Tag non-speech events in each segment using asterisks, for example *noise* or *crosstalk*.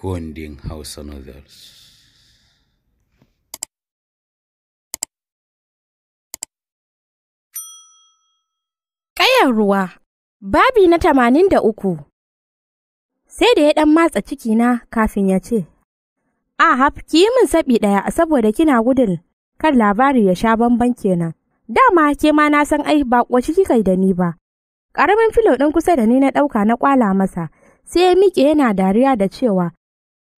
kundin Hausa Novels. Ƙayar ruwa, babi na tamanin da uku. Sai da ya ɗan matsa ciki na, kafin ya ce, Ahab, ki yi min saɓi ɗaya saboda kina gudun kan labari ya sha bamban kenan. Dama ke ma na san ai ba ciki kika da ni ba. Ƙaramin filo ɗin kusa da ni na ɗauka na ƙwala masa, sai ya miƙe yana dariya da cewa,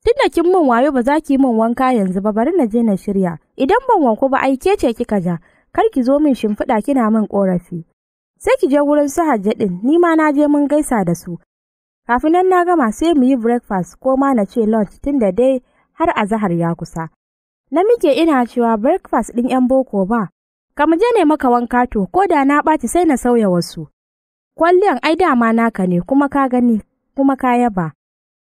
Tunda da kin min wayo ba za ki min wanka yanzu ba bari na je na shirya. Idan ban wanku ba ai kece ce kika ja. Kar ki zo min shimfiɗa kina min ƙorafi. Sai ki je wurin su hajji ɗin, ni ma na je mun gaisa da su. Kafin nan na gama sai mu yi breakfast ko ma na ce lunch tunda dai har azahar ya kusa. Na muke ina cewa breakfast ɗin 'yan boko ba, ka mu je ne maka wanka to ko da na ɓaci sai na sauya wasu. Kwalliyan ai dama naka ne kuma ka gani kuma ka yaba.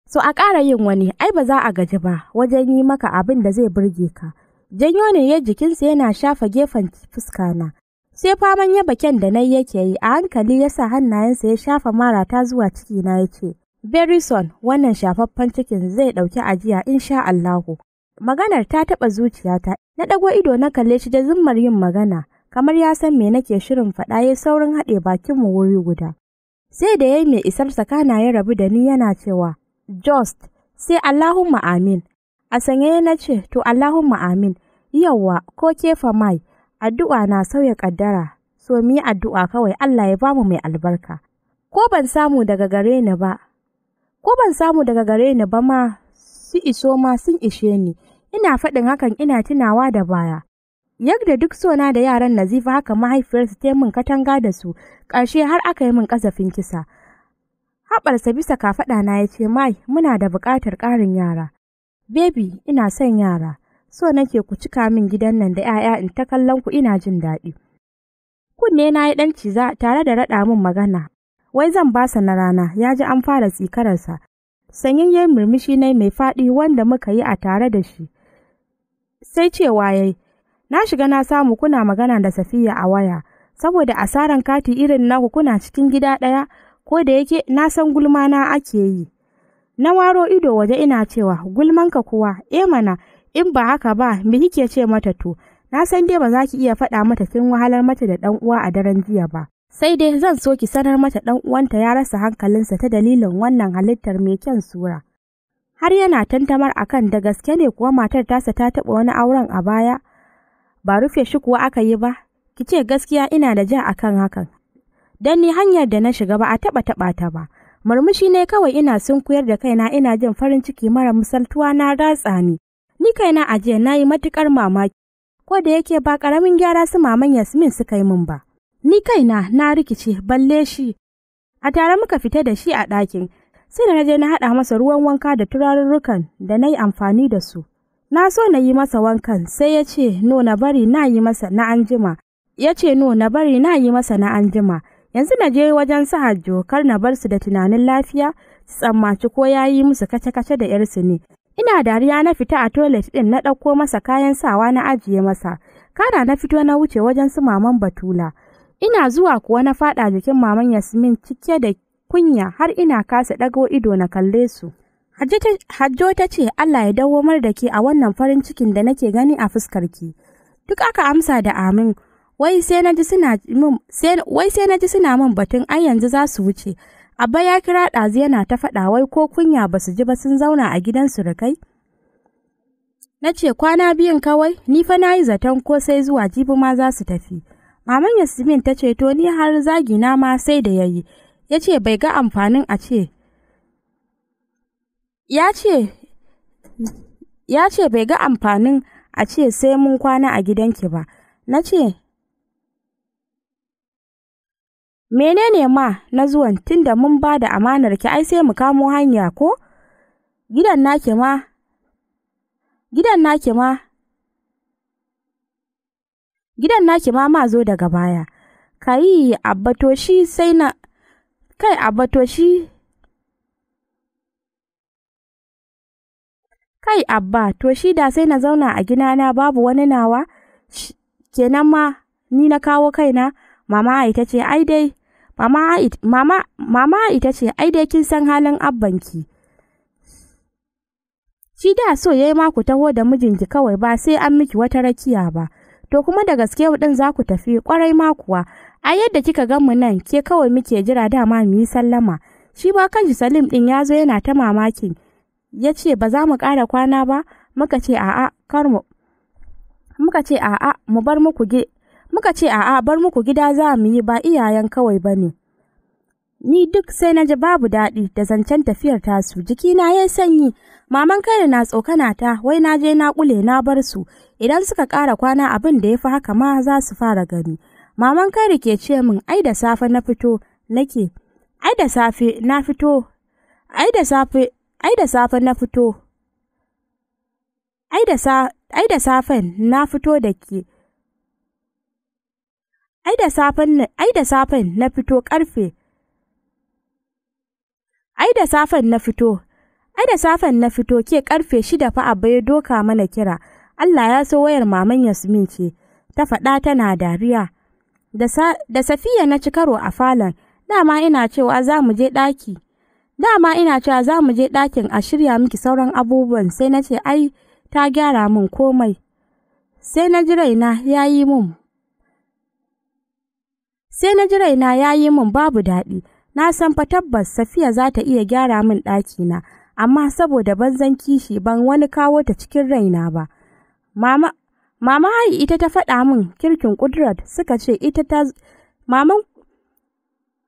So a ƙara yin wani, ai ba za a gaji ba wajen yi maka abin da zai burge ka. Janyo ne ya jikinsa yana shafa gefen fuskana. Sai faman ya baken da nan yake yi a hankali ya sa hannayensa ya shafa marata zuwa ciki na ya ce, Berison wannan shafaffen cikin zai ɗauki ajiya insha Allahu. Maganar ta taɓa zuciyata, na ɗago ido na kalle shi da zimmar yin magana, kamar ya san me nake shirin faɗa ya saurin haɗe bakinmu wuri guda. Sai da ya yi mai isar sakana ya rabu da ni yana cewa, just sai Allahumma amin. A sanye na ce, to Allahumma amin, yawwa ko kefa mai, addu'a na sauya ƙaddara, so mi addu'a kawai Allah ya bamu mai albarka. Ko ban samu daga gare ni ba, ko ban samu daga gare ni ba ma su iso ma sun ishe ni, ina faɗin hakan ina tunawa da baya. Yadda duk sona da yaran Nazifa haka mahaifiyarsu ta min katanga da su, ƙarshe har aka yi min ƙazafin kisa. haɓarsa bisa na ya ce mai muna da buƙatar ƙarin yara. Baby ina son yara, so nake ku cika min gidan nan da 'ya'ya in ta kallon ku ina jin daɗi. Kunne na yi ɗan ciza tare da raɗa min magana, wai zan basa na rana ya ji an fara tsikararsa. Sanyin ya murmushi na mai faɗi wanda muka yi a tare da shi. Sai cewa yayi, na shiga na samu kuna magana da Safiya a waya, saboda asaran kati irin naku kuna cikin gida ɗaya ko da yake na san gulmana ake yi. Na waro ido waje ina cewa gulmanka kuwa, e mana in ba haka ba me kike ce mata to, na san dai ba za ki iya faɗa mata sun wahalar mata da ɗan uwa a daren jiya ba. Sai dai zan so ki sanar mata ɗan uwanta ya rasa hankalinsa ta dalilin wannan halittar mai kyan sura. Har yana tantamar akan da gaske ne kuwa matar tasa ta taɓa wani auren a baya, ba rufe shi kuwa aka yi ba, ki ce gaskiya ina da ja akan hakan don ni hanyar da na shiga ba a taɓa taɓa ta ba. Murmushi ne kawai ina sunkuyar da kaina ina jin farin ciki mara misaltuwa na ratsa ni. Ni kaina a jiya na yi matuƙar mamaki, ko da yake ba ƙaramin gyara su maman Yasmin suka yi min ba. Ni kaina na rikice balle shi. A tare muka fita da shi a ɗakin, sai da na je na haɗa masa ruwan wanka da turarurrukan da na yi amfani da su. Na so na yi masa wankan sai ya ce no na bari na yi masa na anjima. Ya ce no na bari na yi masa na anjima. yanzu na je wajen hajjo jokar na bar su da tunanin lafiya su tsammaci ko ya yi musu kace-kace da yarsu ne ina dariya na fita a toilet ɗin na ɗauko masa kayan sawa na ajiye masa kana na fito na wuce wajen su maman batula ina zuwa kuwa na faɗa jikin maman yasmin cike da kunya har ina kasa ɗago ido na kalle su Hajjo ta ce Allah ya mar da ke a wannan farin cikin da nake gani a fuskarki. Duk aka amsa da amin, wai sai na ji suna min batun an yanzu za su wuce abba ya kira ɗazu yana ta faɗa wai ko kunya ba su ji ba sun zauna a gidan surukai na ce kwana biyun kawai ni fa na yi zaton ko sai zuwa jibi ma za su tafi maman yasmin ta ce to ni har zagi na ma sai da yayi ya ce bai ga amfanin a ce ya ce ya ce bai ga amfanin a ce sai mun kwana a gidanki ba na ce menene ma na zuwan da mun ba da amanar ki ai sai mu kamo hanya ko gidan nake ma gidan ma gidan ma ma zo daga baya kai abato shi sai na kai abbato shi kai abba to shi da sai na zauna a gidana babu wani nawa kenan ma ni na kawo kaina mama ai ta ce ai dai Mama, ita ce, ai dai kin san halin abbanki. Shi da so ya yi maku taho da mijinki kawai ba sai an miki wata rakiya ba. To kuma da gaske ɗin za ku tafi kwarai makuwa. ai yadda kika gan mu nan ke kawai muke jira dama mu yi sallama. Shi ba kanshi Salim ɗin ya zo yana ta mamakin. Ya ce ba za mu ƙara kwana ba, muka ce a'a kar mu muka ce a'a mu bar muku muka ce a'a bar muku gida za mu yi ba iyayen kawai ba ne. Ni duk sai na ji babu daɗi da zancen tafiyar tasu, jikina ya sanyi, maman kai na tsokana ta wai na je na ƙule na bar su, idan suka ƙara kwana abin da ya fi haka ma za su fara gani. Maman kai ke ce min ai da safe na fito nake, ai da safe na fito, ai da safe, ai da safe na fito, ai da safe na fito da ke. ai da safen na fito karfe ai da safen na fito ai da safen na fito ke karfe shida fa abu ya doka mana kira Allah ya so wayar maman Yasmin ce ta faɗa tana dariya da safiya na ci karo a falon dama ina cewa za mu je ɗaki dama ina cewa za mu je ɗakin a shirya miki sauran abubuwan sai na ce ai ta gyara min komai sai na ji raina ya yi mun Sai na ji raina ya yi min babu daɗi, na san fa tabbas Safiya za ta iya gyara min ɗakina, amma saboda zan kishi ban wani kawo ta cikin raina ba. Mama, mama hai ita ta faɗa min kirkin kudrat suka ce ita ta maman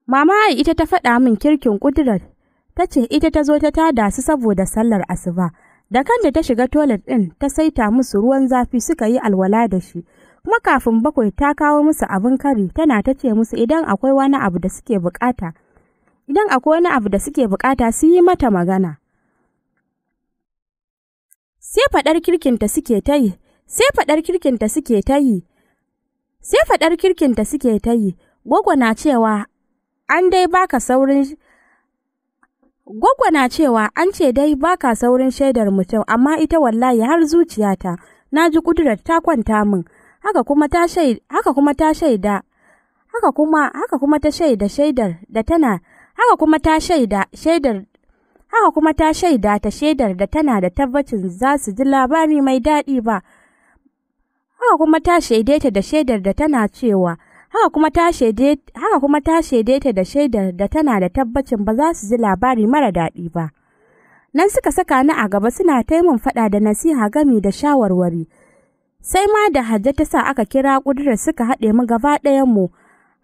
Mama ita ta faɗa min kirkin kudrat ta ce ita ta zo ta tada su saboda sallar asuba. Da kanta ta shiga toilet ɗin ta saita musu ruwan zafi suka yi alwala da shi. kuma kafin bakwai ta kawo musu abin kari tana ta ce musu idan akwai wani abu da suke bukata idan akwai wani abu da suke bukata su yi mata magana sai fadar kirkin ta suke ta yi sai fadar kirkin ta suke ta yi sai fadar kirkin ta suke ta yi gwagwa na cewa an dai baka saurin Gwagwa na cewa an ce dai baka saurin shaidar mutum amma ita wallahi har zuciyata na ji kudurar ta kwanta min haka kuma ta shaida haka kuma ta shaida haka kuma haka kuma ta shaida shaidar da tana haka kuma ta shaida shaidar haka kuma ta shaida ta shaidar da tana da tabbacin za su ji labari mai daɗi ba haka kuma ta shaide ta da shaidar da tana cewa haka kuma ta shaide haka kuma ta shaide ta da shaidar da tana da tabbacin ba za su ji labari mara daɗi ba nan suka saka ni a gaba suna taimun faɗa da nasiha gami da shawarwari sai ma da hajja ta sa aka kira ƙudurar suka haɗe mu gaba ɗayanmu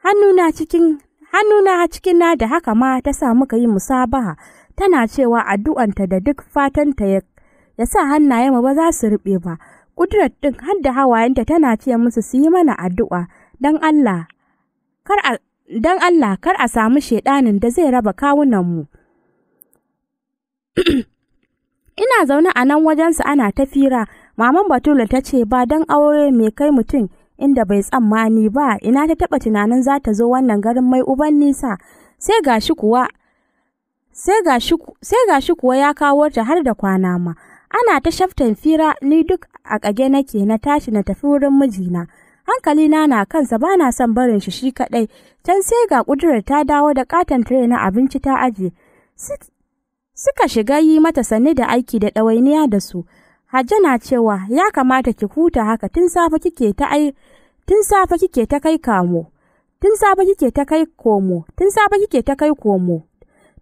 hannuna cikin na da haka ma ta sa muka yi musabaha tana cewa addu'anta da duk fatanta ya ya sa ma ba za su ruɓe ba ƙudurar ɗin har da hawayenta tana ce musu su yi mana addu'a don Allah kar a don Allah kar samu shaiɗanin da zai raba kawunan mu. *clears throat* Ina zaune a nan wajensu ana tafira. Maman batula ta ce ba don aure mai kai mutum inda bai tsammani ba ina ta taba tunanin za ta zo wannan garin mai uban nisa sai ga shi kuwa sai ga shi kuwa ya kawo ta har da kwana ma ana ta shaftan fira ni duk a ƙage nake na tashi na tafi wurin mijina hankalina na kansa ba na son barin shi shi kaɗai can sai ga ƙudurar ta dawo da katon tire na abinci ta aje suka shiga yi mata sanni da aiki da ɗawainiya da su Hajja na cewa ya kamata ki huta haka tun safe kike ta ai tun safe kike ta kai kamo tun safe kike ta kai komo tun safe kike ta kai komo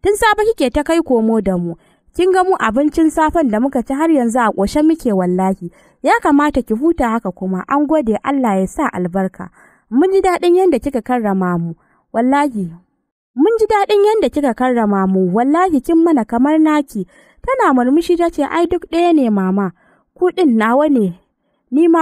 tun safe kike ta kai komo da mu kin ga mu abincin safen da muka ci har yanzu a ƙoshe muke wallahi ya kamata ki huta haka kuma an gode Allah ya sa albarka mun ji daɗin yadda kika karrama mu wallahi mun ji daɗin yadda kika karrama mu wallahi kin mana kamar naki tana murmushi ta ce ai duk ɗaya ne mama kuɗin nawa ne, ni ma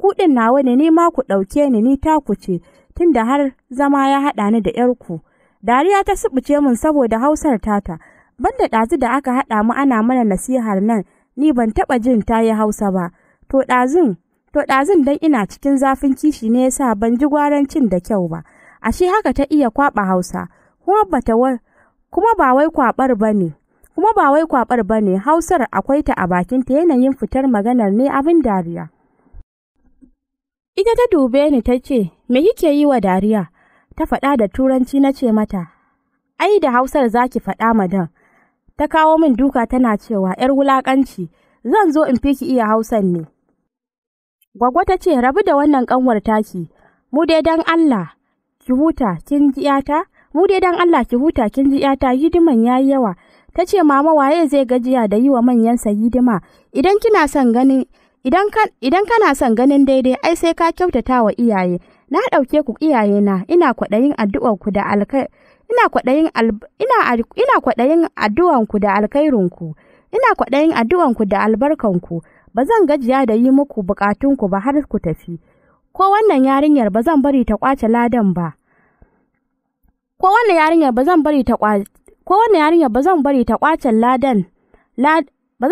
kuɗin nawa ne, ni ma ku ɗauke ni, ni taku ce, tunda har zama ya haɗa ni da ‘yarku. Dariya ta subuce min saboda hausar tata, banda ɗazu da aka haɗa mu ana mana nasihar nan, ni ban taɓa jin ta yi hausa ba. To ɗazun, to ɗazun dan ina cikin zafin kishi ne yasa ban ji gwarancin da kyau ba. Ashe haka ta iya kwaɓa hausa, kuma bata kuma ba wai kwaɓar ba ne. kuma ba wai kwabar ba ne hausar akwai ta a bakin ta yanayin fitar maganar ne abin dariya ita ta dube ni ta ce me kike yi wa dariya ta faɗa da turanci na ce mata ai da hausar zaki faɗa madan ta kawo min duka tana cewa ‘yar wulaƙanci zan zo in fi ki iya hausan ne. Gwagwa ta ce rabu da wannan ƙanwar taki, mu dai dan Allah ki huta kin ji ‘yata, mu dai dan Allah ki huta kin ji hidiman yayi yawa ta ce mama waye zai gajiya da yi wa manyansa hidima idan kina son ganin idan kana son ganin daidai ai sai ka kyautata wa iyaye na dauke ku iyaye na ina kwadayin kwaɗayin ku da alkai ina kwadayin ina ina kwadayin kwaɗayin ku da alkairin ku ina kwadayin kwaɗayin ku da albarkan ku ba zan gajiya da yi muku bukatun ku ba har ku tafi ko wannan yarinyar ba zan bari ta kwace ladan ba ko wannan yarinyar ba zan bari ta kowane yarinya ba zan bari ta kwace ladan ba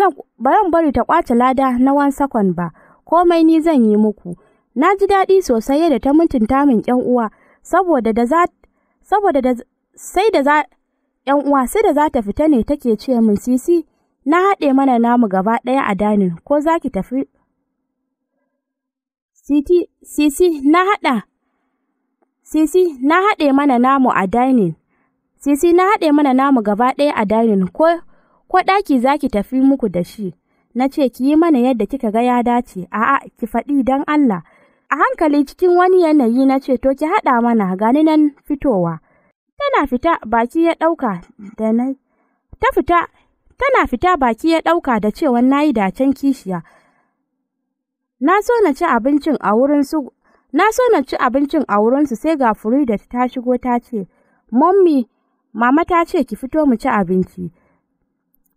zan bari ta kwace lada na wan sakon ba komai ni zan yi muku na ji daɗi sosai yadda ta mutunta min ƴan uwa saboda da za saboda da sai da za ƴan uwa sai da za ta fita ne take ce min sisi na haɗe mana namu gaba ɗaya a danin ko za ki tafi siti sisi na haɗa sisi na haɗe mana namu a dining Sisi na haɗe mana namu gaba ɗaya a dining ko ko ɗaki za ki tafi muku da shi. Na ce ki yi mana yadda kika ga ya dace, a'a ki faɗi don Allah. A hankali cikin wani yanayi na ce to ki haɗa mana gani nan fitowa. Tana fita baki ya ɗauka da na ta fita tana fita baki ya ɗauka da cewa na yi dacen kishiya. Na so na ci abincin a wurin su na so na ci abincin a su sai ga Frida ta shigo ta ce, Mommy, Mama ta ce ki fito mu ci abinci.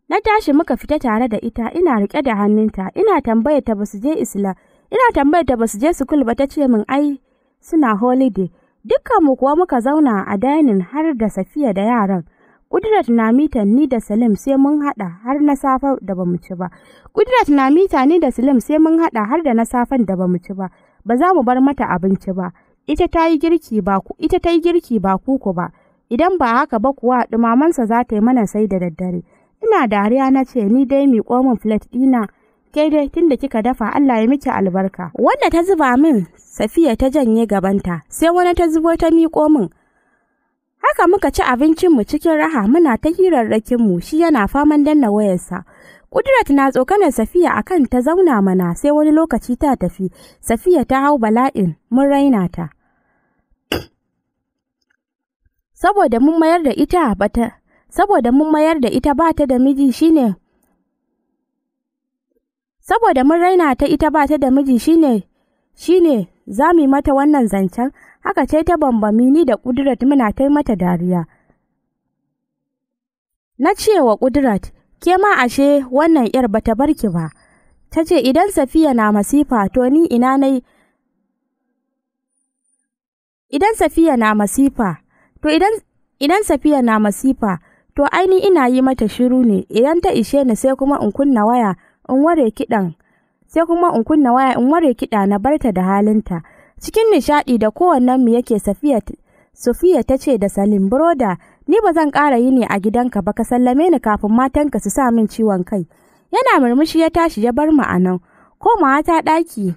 Na tashi muka fita tare da ita ina riƙe da hannunta ina tambaya ta basu je Isla ina tambaya ta basu je sukul ba ta ce min ai suna holiday dukkanmu kuwa muka zauna a dining har da Safiya da yaran. Kudrat na mita ni da Salim sai mun hada har na safa da bamu ci ba. Kudrat na mita ni da Salim sai mun hada har da na safan da bamu ci ba. Ba za mu bar mata abinci ba. Ita ta yi girki ba ku ita ta yi girki ba kuku ba. idan ba haka ba kuwa ɗumamansa za ta yi mana sai da daddare. Ina dariya na ce ni dai miƙo min filet ɗina Kai dai tun da kika dafa Allah ya miki albarka. Wanda ta zuba min Safiya ta janye gabanta sai wani ta zubo ta miƙo min. Haka muka ci abincinmu cikin raha muna ta hirarrakinmu shi yana faman danna wayarsa. Kudrat na tsokanar Safiya akan ta zauna mana sai wani lokaci ta tafi. Safiya ta hau bala'in mun raina ta. saboda mun mayar da ita bata saboda mun mayar da ita ba ta da miji shine saboda mun raina ta ita ba ta da miji shine shine za mu mata wannan zancen haka ce ta bambami ni da kudrat muna ta mata dariya na cewa kudrat ke ma ashe wannan yar bata barki ba ta ce idan safiya na masifa to ni ina nai idan safiya na masifa To idan idan Safiya na masifa, to aini ina yi mata shiru ne, idan ta ishe ni sai kuma in kunna waya in ware kidan. sai kuma in kunna waya in ware kiɗa na barta da halinta. Cikin nishadi da kowannen mu yake Safiya Sofia ta ce da Salim Broda, ni ba zan ƙara yi ne a gidanka ba ka sallame ni kafin matanka su sa min ciwon kai. Yana murmushi ya tashi ya bar mu a nan. Komawa ta ɗaki,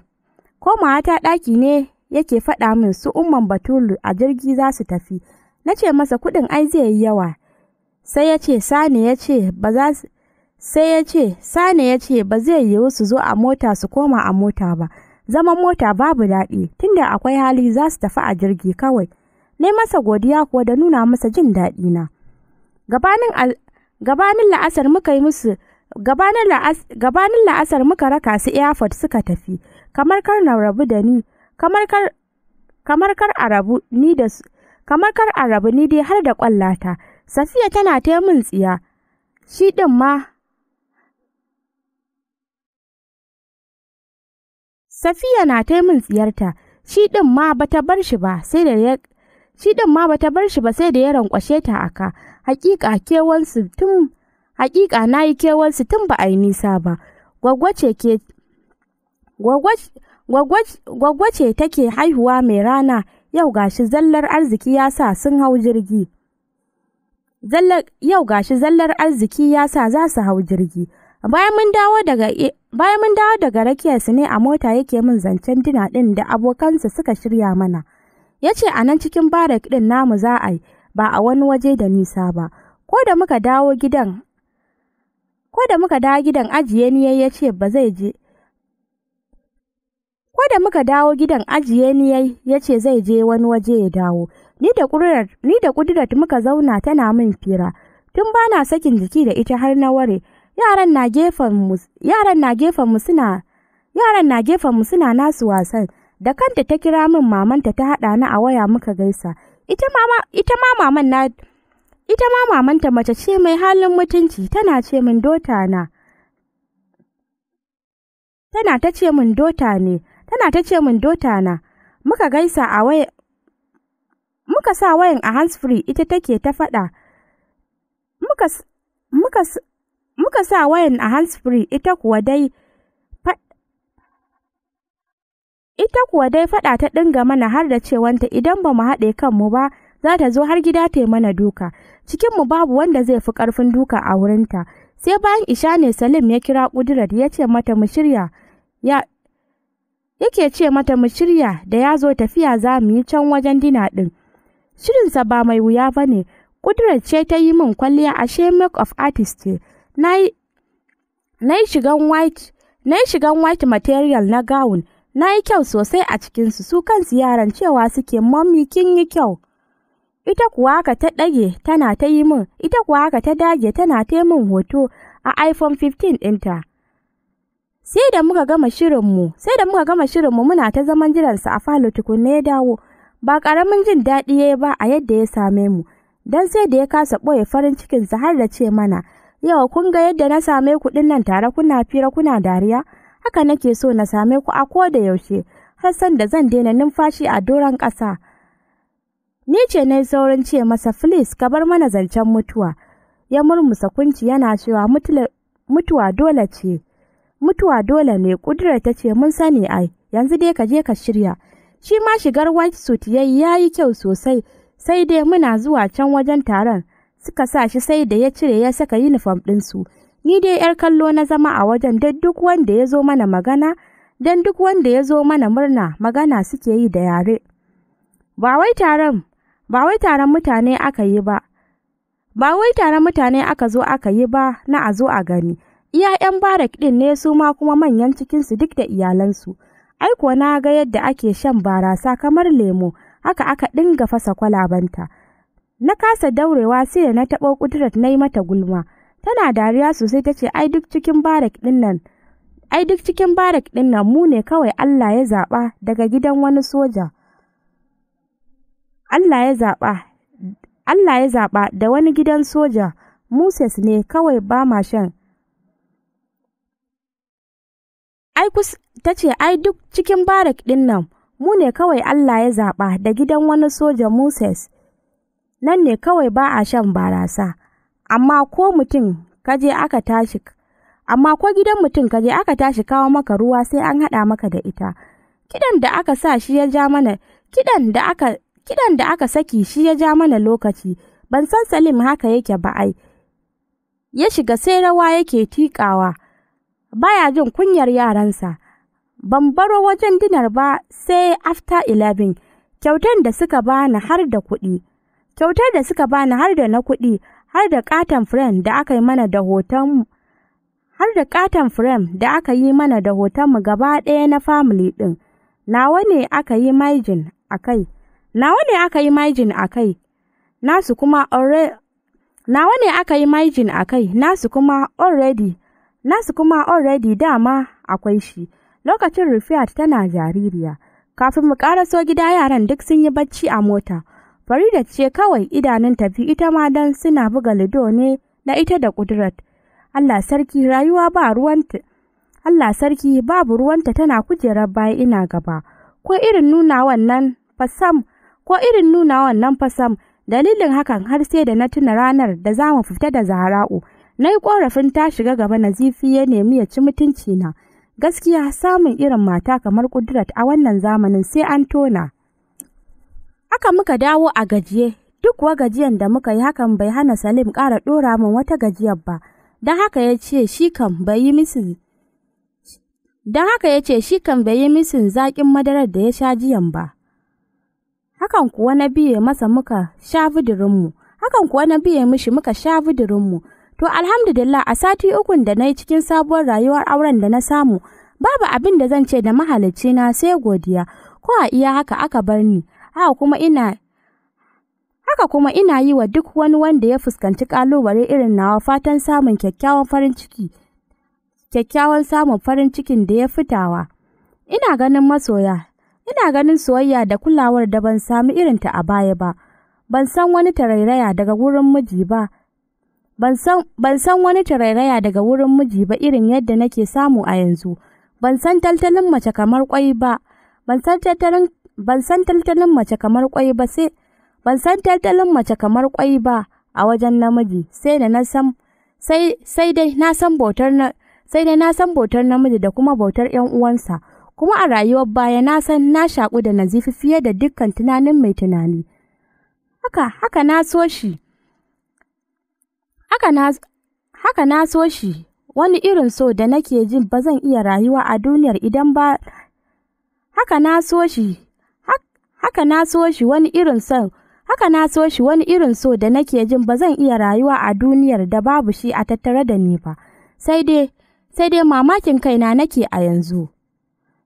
komawa ta ɗaki ne yake faɗa min su umman Batulu a jirgi za su tafi. Na ce masa kuɗin ai zai yi yawa. Sai ya ce sane ya ce ba za sai ya ce sani ya ce ba zai yiwu su zo a mota su koma a mota ba. Zaman mota babu daɗi tunda akwai hali za su tafi a jirgi kawai. Ne masa godiya kuwa da nuna masa jin daɗi na. Gabanin gabanin la'asar muka yi musu gabanin la'asar muka raka su airport suka tafi kamar kar na rabu da ni kamar kar kamar kar a rabu ni da kamar kar a rabu ni dai har da kwallata. safiya tana taya min tsiya shi din ma safiya na taya min tsiyarta shi din ma bata bar shi ba sai da ya shi din ma bata bar shi ba sai da ya rankwashe ta aka hakika kewan su tun hakika nayi kewan su tun ba a yi nisa ba Gwagwace ke Gwagwace gwagwace take haihuwa mai rana yau gashi zallar arziki ya sa sun hau jirgi. Yau gashi zallar arziki ya sa za su hau jirgi. Bayan mun dawo daga bayan mun ne a mota yake min zancen dina ɗin da abokansa suka shirya mana. Ya ce a nan cikin barak ɗin namu za a yi ba a wani waje da nisa ba. Ko da muka dawo gidan ko da muka dawo gidan ajiye ni ya ce ba zai je Ko da muka dawo gidan ajiye ni yai, ya ce zai je wani waje ya dawo. Ni da ƙudurat muka zauna tana min fira. Tun bana sakin jiki da ita har na ware. Yaran na gefen mu suna yaran na gefen mu suna nasu wasan. Da kanta ta kira min mamanta ta haɗa ni a waya muka gaisa. Ita ita ma maman na ita ma mamanta mace ce mai halin mutunci tana ce min dota na. Tana ta ce min dota ne. tana ta ce min dota na muka gaisa a waya muka sa wayan a handsfree ita take ta faɗa muka sa wayan a free ita kuwa dai ita kuwa dai faɗa ta dinga mana har da cewanta idan ba mu haɗe kanmu ba za ta zo har gida ta yi mana duka cikinmu babu wanda zai fi ƙarfin duka a wurinta sai bayan isha ne salim ya kira ƙudurar ya ce mata mu shirya ya yake ce mata mu shirya da ya zo tafiya za mu yi can wajen dina ɗin. Shirinsa ba mai wuya ba ne, ƙudurar ce ta yi min kwalliya ashe make of artist ce. Na yi shigan white, na yi shigan white material na gown, na yi kyau sosai a cikinsu su kansu yaran cewa suke mommy kin yi kyau. Ita kuwa haka ta ɗage tana ta yi min, ita kuwa ta dage tana ta yi min hoto a iPhone 15 ɗinta. sai da muka gama shirinmu sai da muka gama shirinmu muna ta zaman jiransa a falo tukunna ya dawo ba ƙaramin jin daɗi ya ba a yadda ya same mu don sai da ya kasa ɓoye farin cikinsa har da ce mana yawa kun ga yadda na same kuɗin nan tare kuna fira kuna dariya haka nake so na same ku a ko da yaushe har san da zan daina numfashi a doron ƙasa ni ce na saurin ce masa filis ka bar mana zancen mutuwa ya murmusa kunci yana cewa mutuwa dole ce mutuwa dole ne kudurar ta ce mun sani ai yanzu dai ka je ka shirya shi ma shigar white suit yayi yayi kyau sosai sai dai muna zuwa can wajen taron suka sa shi sai da ya cire ya saka uniform su ni dai yar kallo na zama a wajen don duk wanda ya zo mana magana don duk wanda ya zo mana murna magana suke yi da yare ba wai taron ba wai taron mutane aka yi ba ba wai taron mutane aka zo aka yi ba na a zo a gani iyayen barak ɗin ne su ma kuma manyan cikinsu duk da iyalansu. Ai na ga yadda ake shan barasa kamar lemo, haka aka dinga fasa kwalabanta. Na kasa daurewa sai da na taɓo ƙudurat na yi mata gulma. Tana dariya sosai ta ce ai duk cikin barak din nan ai duk cikin barak din nan mu ne kawai Allah ya zaɓa daga gidan wani soja. Allah ya zaɓa Allah ya zaɓa da wani gidan soja, Moses ne kawai ba ma shan Ai kus ta ce ai duk cikin barak ɗin nan mu ne kawai Allah ya zaɓa da gidan wani soja Moses. Nan ne kawai ba a shan barasa, amma ko mutum kaje aka tashi amma ko gidan mutum kaje aka tashi kawo maka ruwa sai an haɗa maka da ita. Kidan da aka sa shi ya ja mana kidan da aka kidan da aka saki shi ya ja mana lokaci ban san Salim haka yake ba ai. Ya shiga sai rawa yake tiƙawa. baya jin kunyar yaransa. Ban baro wajen dinar ba sai after eleven, kyautar da suka bani har da kuɗi. Kyautar da suka bani har da na kuɗi, har da katon frame da aka yi mana da hoton har da katon frame da aka yi mana da hotonmu gaba ɗaya na family ɗin. Nawa ne aka yi maijin a kai, nawa ne aka yi maijin a kai, nasu kuma already, nawa ne aka yi maijin a kai, nasu kuma already nasu kuma already dama akwai shi lokacin Rufiyat tana jaririya kafin mu karaso gida yaran duk sun yi bacci a mota Farida ce kawai idanun tafi ita ma dan suna buga lido ne na ita da Kudrat Allah sarki rayuwa ba ruwanta Allah sarki babu ruwanta tana kujerar baya ina gaba ko irin nuna wannan fasam ko irin nuna wannan fasam dalilin hakan har sai da na tuna ranar da za mu fita da Zahra'u na yi ƙorafin ta shiga gaba nazifi ya nemi ya ci mutunci na gaskiya samun irin mata kamar kudrat a wannan zamanin sai an tona haka muka dawo a gajiye duk wa gajiyan da muka yi hakan bai hana salim ƙara ɗora min wata gajiyar ba don haka ya ce shi kan bai yi misin don haka ya ce shi kan bai yi misin zaƙin madarar da ya sha jiyan ba hakan kuwa na biye masa muka sha bidirinmu hakan kuwa na biye mishi muka sha bidirinmu To alhamdulillah a sati ukun da na yi cikin sabuwar rayuwar auren da na samu, babu abin da zan ce da mahalicci na sai godiya, ko a iya haka aka bar ni, haka kuma ina Haka yi wa duk wani wanda ya fuskanci kalubale irin nawa fatan samun kyakkyawan samun farin cikin da ya fitawa. Ina ganin masoya, ina ganin soyayya da kulawar da ban sami irinta a baya ba, ban san wani tarairaya daga wurin miji ba. Ban san wani tarairaya daga wurin miji ba irin yadda nake samu a yanzu. Ban san taltalin mace kamar kwai ba. Ban san taltalin mace kamar kwai ba sai ban san taltalin mace kamar kwai ba a wajen namiji sai da na san sai sai dai na san bautar na sai dai na san bautar namiji da kuma bautar ƴan uwansa kuma a rayuwar baya na san na shaƙu da nazifi fiye da dukkan tunanin mai tunani haka haka na so shi Haka na so shi, wani irin so da nake jin ba zan iya rayuwa a duniyar idan ba haka na so shi haka na so shi wani irin so haka na so shi wani irin so da nake jin ba zan iya rayuwa a duniyar da babu shi a tattare da ni ba sai dai sai dai mamakin kaina nake a yanzu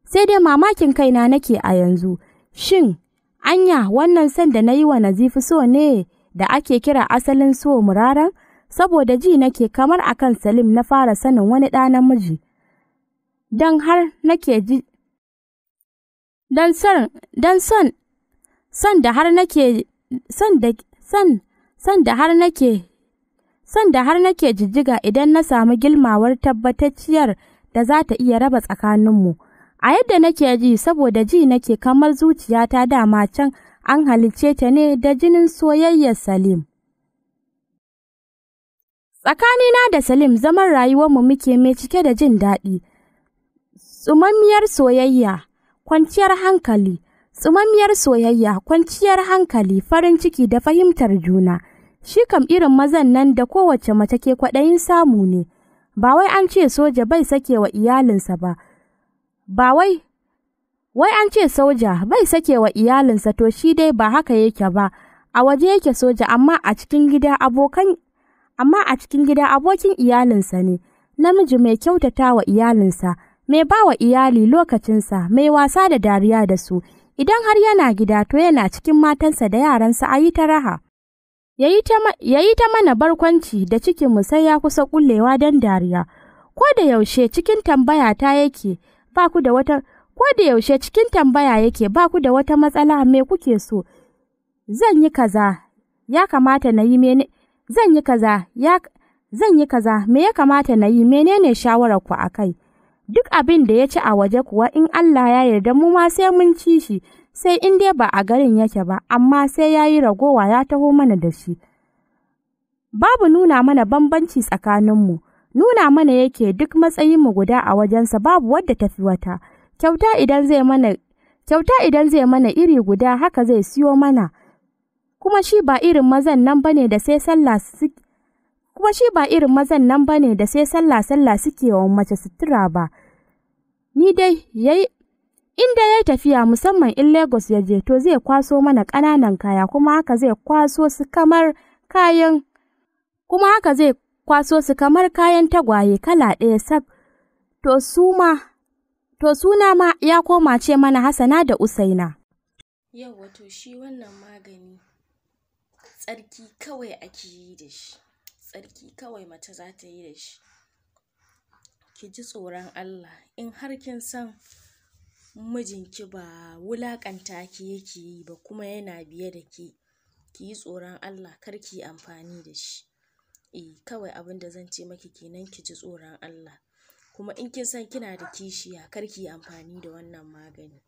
sai dai mamakin kaina nake a yanzu shin anya wannan san da na yi wa nazifi so ne da ake kira asalin so muraran saboda ji nake kamar akan Salim na fara sanin wani ɗa namiji. Don har nake ji don son son son da har nake son da son son da har nake son da har nake jijjiga idan na sami gilmawar tabbatacciyar da za ta iya raba tsakaninmu. A yadda nake ji saboda ji nake kamar zuciyata dama can an halicce ta ne da jinin soyayyar Salim. Tsakanina da Salim zaman rayuwarmu muke mai cike da jin daɗi, tsumammiyar soyayya, kwanciyar hankali, tsumammiyar soyayya, kwanciyar hankali, farin ciki da fahimtar juna. Shi kam irin mazan nan da kowace mace ke kwaɗayin samu ne, ba wai an ce soja bai sake wa iyalinsa ba, ba wai wai an ce soja bai sake wa iyalinsa to shi dai ba haka yake ba, a waje yake soja amma a cikin gida abokan amma a cikin gida abokin iyalinsa ne, namiji mai kyautata wa iyalinsa, mai ba wa iyali lokacinsa, mai wasa da dariya da su, idan har yana gida to yana cikin matansa da yaransa a yi ta raha. Ya yi ta mana barkwanci da cikinmu sai ya kusa kullewa don dariya, ko da yaushe cikin tambaya ta yake ba ku da wata ko da yaushe cikin tambaya yake ba ku da wata matsala me kuke so zan yi kaza ya kamata na yi mene zan yi kaza ya zan yi kaza me ya kamata na yi menene shawarar ku akai duk abin da ya ci a waje kuwa in Allah ya yarda mu ma sai mun ci shi sai in dai ba a garin yake ba amma sai ya yi ragowa ya taho mana da shi babu nuna mana bambanci tsakaninmu nuna mana yake duk matsayinmu guda a wajensa babu wadda tafi wata kyauta idan zai mana kyauta idan zai mana iri guda haka zai siyo mana kuma shi ba irin mazan nan bane da sai sallah su kuma shi ba irin mazan nan bane da sai sallah sallah suke wa mace sutura ba ni dai yayi inda yayi tafiya musamman in Lagos ya je to zai kwaso mana kananan kaya kuma haka zai kwaso su kamar kayan kuma haka zai kwaso su kamar kayan tagwaye kala ɗaya sab to su ma to suna ma ya koma ce mana Hasana da Usaina yau wato shi wannan magani tsarki kawai ake yi da shi tsarki kawai mace za ta yi da shi ki ji tsoron Allah in har kin san mijinki ba wulaƙanta ki yake yi ba kuma yana biye da ke ki yi tsoron Allah kar ki yi amfani da shi E, kawai abin da zan ce maki kenan ki ji tsoron Allah kuma in kin san kina da kishiya kar ki yi amfani da wannan magani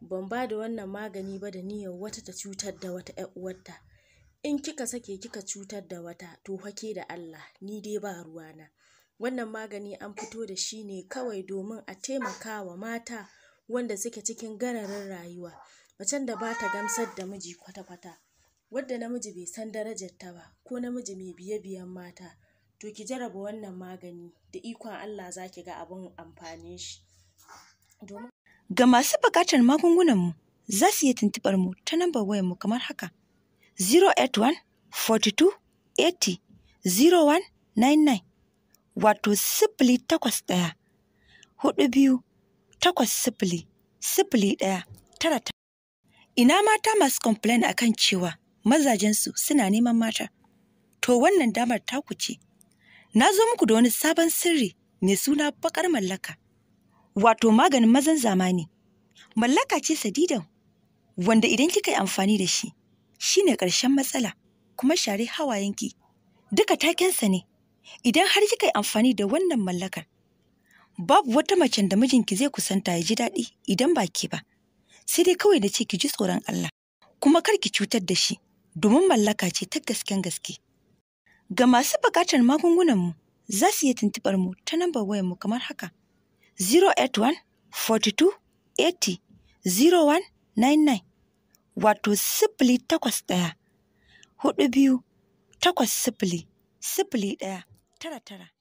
ban ba da wannan magani ba da niyyar wata ta cutar da wata ƴar uwarta in kika sake kika cutar da wata to hake da Allah ni dai ba ruwa na. wannan magani an fito da shi ne kawai domin a taimaka wa mata wanda suke cikin gararin rayuwa macen da ba ta gamsar da miji kwata-kwata wadda namiji bai san darajar ta ba ko namiji mai biye-biyen mata to ki jaraba wannan magani da ikon Allah za ki ga abin amfani shi ga masu buƙatar magungunanmu za su yi tuntuɓar mu ta nambar mu kamar haka 081 42 80 0199 wato sifili takwas ɗaya hudu biyu takwas sifili sifili ɗaya tara ta ina mata masu a kan cewa mazajensu suna neman mata to wannan damar taku ce na zo muku da wani sabon sirri mai suna bakar mallaka wato maganin mazan zamani mallaka ce sadidan wanda idan kika yi amfani da shi shine ƙarshen matsala kuma share hawayenki duka takensa ne idan har kika yi amfani da wannan mallakar babu wata macen da mijinki zai kusanta ya ji daɗi idan ba ke ba sai dai kawai da ce ki ji tsoron Allah kuma kar ki cutar da shi domin mallaka ce ta gasken gaske ga masu buƙatar magungunan mu za su iya tuntuɓar mu ta lambar wayar mu kamar haka 081 42 80 01 99. wato sifili takwas ɗaya hudu biyu takwas sifili sifili ɗaya tara tara